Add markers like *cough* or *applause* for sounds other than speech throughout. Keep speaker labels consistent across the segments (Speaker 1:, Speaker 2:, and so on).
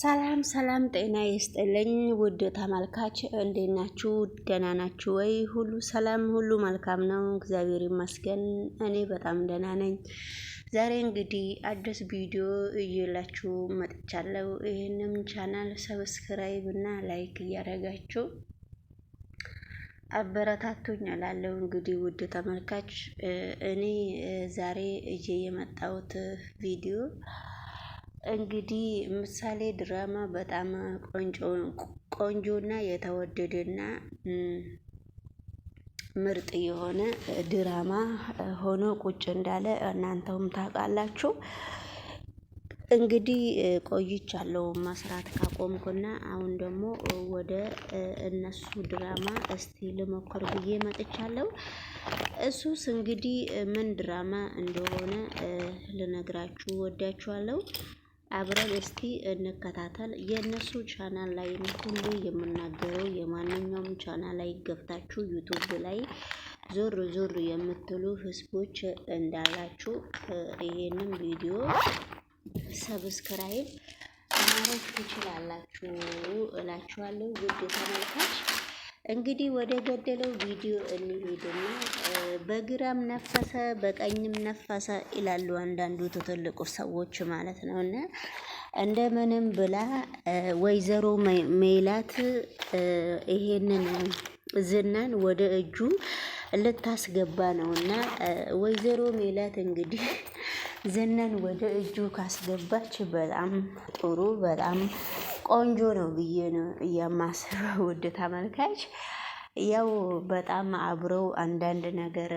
Speaker 1: ሰላም ሰላም፣ ጤና ይስጥልኝ ውድ ተመልካች፣ እንዴት ናችሁ? ደህና ናችሁ ወይ? ሁሉ ሰላም፣ ሁሉ መልካም ነው፣ እግዚአብሔር ይመስገን። እኔ በጣም ደህና ነኝ። ዛሬ እንግዲህ አዲስ ቪዲዮ እየላችሁ መጥቻለሁ። ይህንም ቻናል ሰብስክራይብ እና ላይክ እያደረጋችሁ አበረታቱኝ እላለሁ። እንግዲህ ውድ ተመልካች፣ እኔ ዛሬ እየ የመጣሁት ቪዲዮ እንግዲህ ምሳሌ ድራማ በጣም ቆንጆና የተወደደና ምርጥ የሆነ ድራማ ሆኖ ቁጭ እንዳለ እናንተውም ታውቃላችሁ። እንግዲህ ቆይቻለሁ መስራት ካቆምኩና አሁን ደግሞ ወደ እነሱ ድራማ እስቲ ልሞክር ብዬ መጥቻለሁ። እሱስ እንግዲህ ምን ድራማ እንደሆነ ልነግራችሁ ወዳችኋለሁ። አብረን እስቲ እንከታተል። የእነሱ ቻናል ላይ ሁሉ የምናገረው የማንኛውም ቻናል ላይ ገብታችሁ ዩቱብ ላይ ዞር ዞር የምትሉ ህዝቦች እንዳላችሁ ይሄንን ቪዲዮ ሰብስክራይብ ማድረግ ትችላላችሁ እላችኋለሁ ውድ ተመልካች። እንግዲህ ወደ ገደለው ቪዲዮ እንሄድና በግራም ነፈሰ በቀኝም ነፈሰ ይላሉ አንዳንዱ ትልልቁ ሰዎች ማለት ነው። እና እንደምንም ብላ ወይዘሮ ሜላት ይሄንን ዝናን ወደ እጁ ልታስገባ ነው እና ወይዘሮ ሜላት እንግዲህ ዝናን ወደ እጁ ካስገባች በጣም ጥሩ በጣም ቆንጆ ነው ብዬ ነው የማስበው። *laughs* ውድ ተመልካች ያው በጣም አብረው አንዳንድ ነገር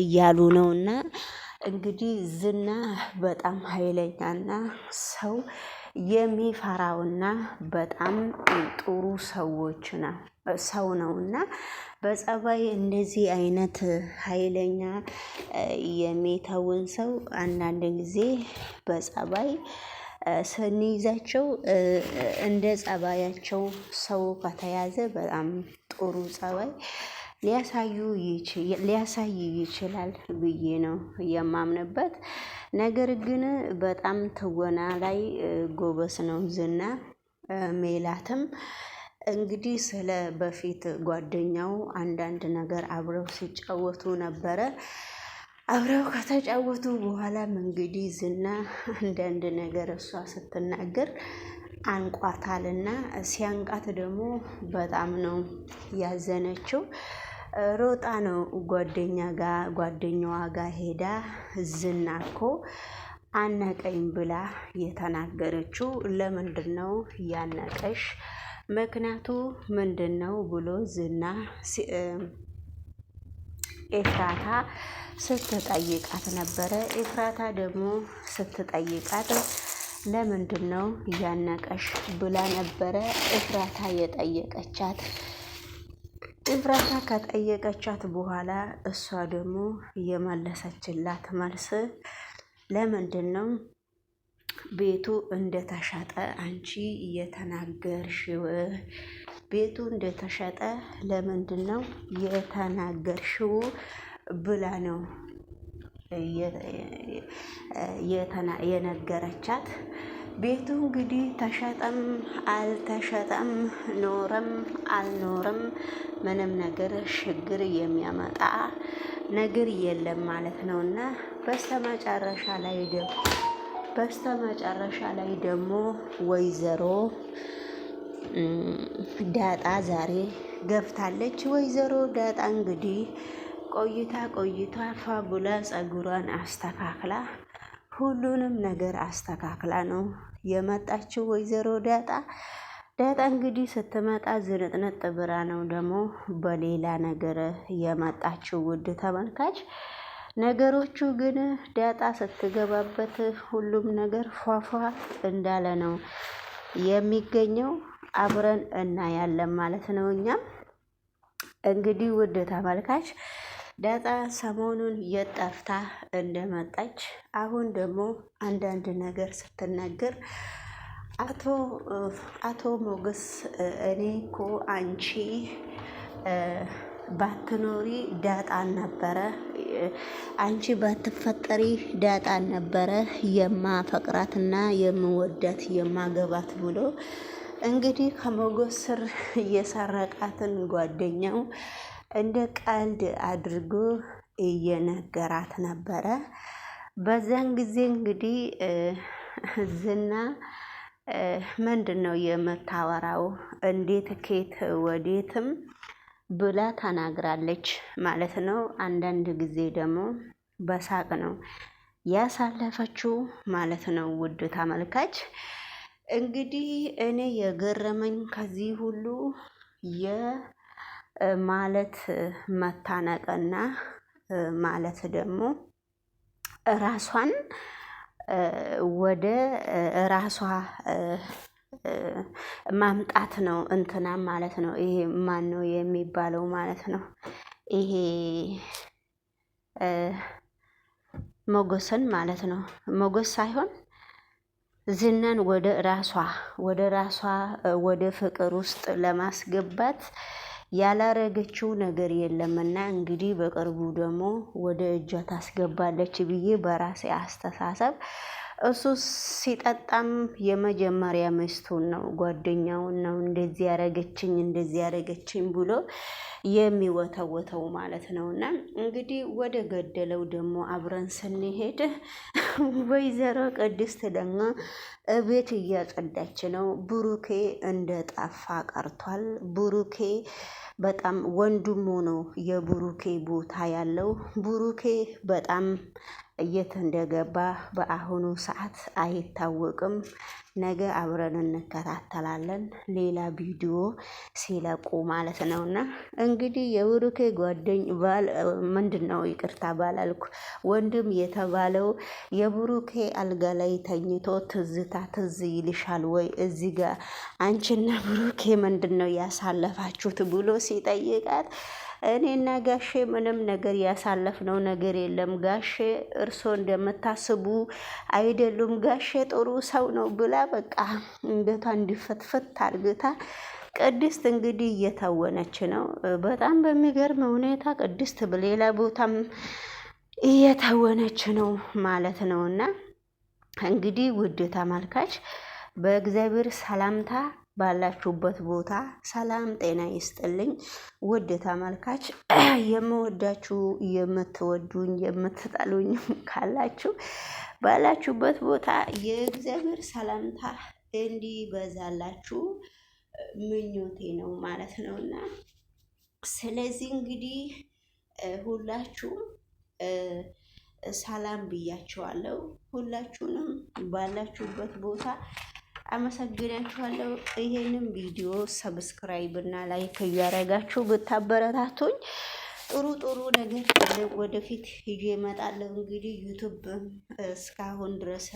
Speaker 1: እያሉ ነው እና እንግዲህ ዝና በጣም ኃይለኛና ሰው የሚፈራውና በጣም ጥሩ ሰዎች ነው ሰው እና በጸባይ እንደዚህ አይነት ኃይለኛ የሚተውን ሰው አንዳንድ ጊዜ በጸባይ ስንይዛቸው እንደ ጸባያቸው ሰው ከተያዘ በጣም ጥሩ ጸባይ ሊያሳዩ ሊያሳይ ይችላል ብዬ ነው የማምንበት። ነገር ግን በጣም ትወና ላይ ጎበስ ነው ዝና። ሜላትም እንግዲህ ስለ በፊት ጓደኛው አንዳንድ ነገር አብረው ሲጫወቱ ነበረ። አብረው ከተጫወቱ በኋላም እንግዲህ ዝና አንዳንድ ነገር እሷ ስትናገር አንቋታልና ሲያንቃት ደግሞ በጣም ነው ያዘነችው። ሮጣ ነው ጓደኛ ጋ ጓደኛዋ ጋ ሄዳ ዝና እኮ አነቀኝ ብላ የተናገረችው ለምንድን ነው ያነቀሽ? ምክንያቱ ምንድን ነው ብሎ ዝና ኤፍራታ ስትጠይቃት ነበረ። ኤፍራታ ደግሞ ስትጠይቃት ለምንድን ነው እያነቀሽ ብላ ነበረ ኤፍራታ የጠየቀቻት። ኤፍራታ ከጠየቀቻት በኋላ እሷ ደግሞ የመለሰችላት መልስ ለምንድን ነው ቤቱ እንደተሻጠ አንቺ እየተናገርሽ ቤቱ እንደተሸጠ ለምንድን ነው የተናገርሽው ብላ ነው የነገረቻት። ቤቱ እንግዲህ ተሸጠም አልተሸጠም ኖረም አልኖረም ምንም ነገር ችግር የሚያመጣ ነገር የለም ማለት ነው እና በስተመጨረሻ ላይ ደግሞ በስተመጨረሻ ላይ ደግሞ ወይዘሮ ዳጣ ዛሬ ገብታለች። ወይዘሮ ዳጣ እንግዲህ ቆይታ ቆይታ ፋቡላ ጸጉሯን አስተካክላ ሁሉንም ነገር አስተካክላ ነው የመጣችው ወይዘሮ ዳጣ። ዳጣ እንግዲህ ስትመጣ ዝንጥንጥ ብራ ነው ደግሞ በሌላ ነገር የመጣችው ውድ ተመልካች። ነገሮቹ ግን ዳጣ ስትገባበት ሁሉም ነገር ፏፏ እንዳለ ነው የሚገኘው። አብረን እናያለን ማለት ነው። እኛም እንግዲህ ውድ ተመልካች ዳጣ ሰሞኑን የጠፍታ እንደመጣች አሁን ደግሞ አንዳንድ ነገር ስትነገር አቶ አቶ ሞገስ እኔ እኮ አንቺ ባትኖሪ ዳጣን ነበረ አንቺ ባትፈጠሪ ዳጣን ነበረ የማፈቅራትና የምወዳት የማገባት ብሎ እንግዲህ ከሞገስ ስር እየሰረቃትን ጓደኛው እንደ ቀልድ አድርጎ እየነገራት ነበረ። በዚያን ጊዜ እንግዲህ ዝና ምንድን ነው የምታወራው? እንዴት ኬት ወዴትም ብላ ተናግራለች ማለት ነው። አንዳንድ ጊዜ ደግሞ በሳቅ ነው ያሳለፈችው ማለት ነው። ውድ ተመልካች እንግዲህ እኔ የገረመኝ ከዚህ ሁሉ የማለት መታነቅና ማለት ደግሞ ራሷን ወደ ራሷ ማምጣት ነው። እንትና ማለት ነው። ይሄ ማን ነው የሚባለው ማለት ነው። ይሄ ሞገስን ማለት ነው። ሞገስ ሳይሆን ዝናን ወደ ራሷ ወደ ራሷ ወደ ፍቅር ውስጥ ለማስገባት ያላረገችው ነገር የለምና እንግዲህ በቅርቡ ደግሞ ወደ እጇ ታስገባለች ብዬ በራሴ አስተሳሰብ እሱ ሲጠጣም የመጀመሪያ ሚስቱን ነው ጓደኛውን ነው እንደዚህ ያረገችኝ እንደዚህ ያረገችኝ ብሎ የሚወተወተው ማለት ነው። እና እንግዲህ ወደ ገደለው ደግሞ አብረን ስንሄድ *laughs* ወይዘሮ ቅድስት ደግሞ እቤት እያጸዳች ነው። ብሩኬ እንደ ጠፋ ቀርቷል። ብሩኬ በጣም ወንድሙ ነው የብሩኬ ቦታ ያለው ብሩኬ በጣም የት እንደገባ በአሁኑ ሰዓት አይታወቅም። ነገ አብረን እንከታተላለን ሌላ ቪዲዮ ሲለቁ ማለት ነው። እና እንግዲህ የብሩኬ ጓደኝ ባል ምንድን ነው ይቅርታ ባላልኩ ወንድም የተባለው የብሩኬ አልጋ ላይ ተኝቶ ትዝታ ትዝ ይልሻል ወይ እዚ ጋር አንቺና ብሩኬ ምንድን ነው ያሳለፋችሁት ብሎ ሲጠይቃት እኔና ጋሼ ምንም ነገር ያሳለፍነው ነገር የለም። ጋሼ እርሶ እንደምታስቡ አይደሉም። ጋሼ ጥሩ ሰው ነው ብላ በቃ እንገቷ እንዲፈትፈት አድርግታ ቅድስት እንግዲህ እየታወነች ነው። በጣም በሚገርም ሁኔታ ቅድስት በሌላ ቦታም እየታወነች ነው ማለት ነው። እና እንግዲህ ውድ ተመልካች በእግዚአብሔር ሰላምታ ባላችሁበት ቦታ ሰላም ጤና ይስጥልኝ። ውድ ተመልካች *clears throat* የምወዳችሁ የምትወዱኝ የምትጠሉኝም ካላችሁ ባላችሁበት ቦታ የእግዚአብሔር ሰላምታ እንዲበዛላችሁ ምኞቴ ነው ማለት ነው እና ስለዚህ እንግዲህ ሁላችሁም ሰላም ብያችኋለሁ። ሁላችሁንም ባላችሁበት ቦታ አመሰግናችኋለሁ። ይሄንን ቪዲዮ ሰብስክራይብ እና ላይክ እያደረጋችሁ ብታበረታቱኝ ጥሩ ጥሩ ነገር ወደፊት ይዤ እመጣለሁ። እንግዲህ ዩቱብ እስካሁን ድረስ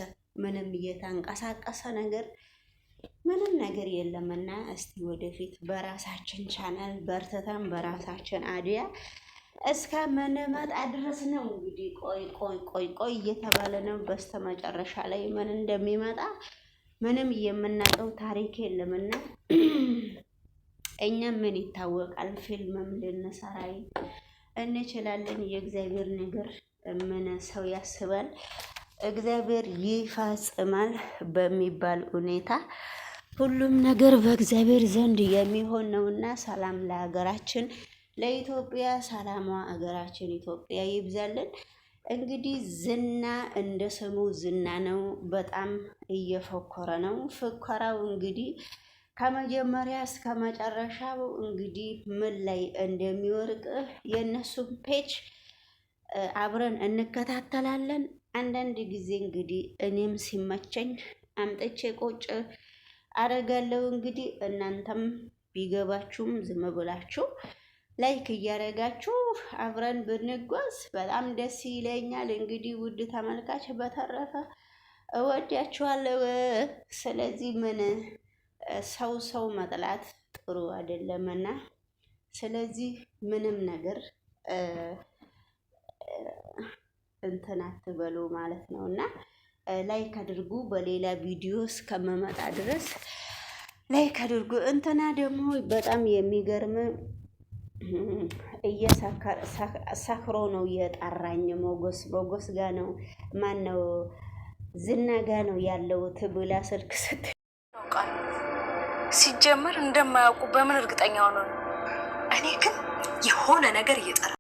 Speaker 1: ምንም እየተንቀሳቀሰ ነገር ምንም ነገር የለምና እስቲ ወደፊት በራሳችን ቻናል በርትተን በራሳችን አድያ እስከምንመጣ ድረስ ነው እንግዲህ ቆይ ቆይ ቆይ ቆይ እየተባለ ነው። በስተመጨረሻ ላይ ምን እንደሚመጣ ምንም የምናውቀው ታሪክ የለምና እኛ ምን ይታወቃል፣ ፊልምም ልንሰራ እንችላለን። የእግዚአብሔር ነገር ምን ሰው ያስባል፣ እግዚአብሔር ይፈጽማል በሚባል ሁኔታ ሁሉም ነገር በእግዚአብሔር ዘንድ የሚሆን ነውና፣ ሰላም ለሀገራችን ለኢትዮጵያ፣ ሰላሟ ሀገራችን ኢትዮጵያ ይብዛልን። እንግዲህ ዝና እንደ ስሙ ዝና ነው። በጣም እየፎከረ ነው። ፉከራው እንግዲህ ከመጀመሪያ እስከ መጨረሻው እንግዲህ ምን ላይ እንደሚወርቅ የእነሱን ፔጅ አብረን እንከታተላለን። አንዳንድ ጊዜ እንግዲህ እኔም ሲመቸኝ አምጥቼ ቆጭ አደርጋለሁ። እንግዲህ እናንተም ቢገባችሁም ዝም ብላችሁ ላይክ እያደረጋችሁ አብረን ብንጓዝ በጣም ደስ ይለኛል። እንግዲህ ውድ ተመልካች በተረፈ እወዳችኋለሁ። ስለዚህ ምን ሰው ሰው መጥላት ጥሩ አይደለምና ስለዚህ ምንም ነገር እንትን አትበሉ ማለት ነው እና ላይክ አድርጉ። በሌላ ቪዲዮ እስከመመጣ ድረስ ላይክ አድርጉ። እንትና ደግሞ በጣም የሚገርም እየሰክሮ ነው የጠራኝ። ሞጎስ ሞጎስ ጋ ነው ማን ነው ዝና ጋ ነው ያለው ትብላ
Speaker 2: ስልክ ስት ሲጀመር እንደማያውቁ በምን እርግጠኛ ሆነ? እኔ ግን የሆነ ነገር እየጠራ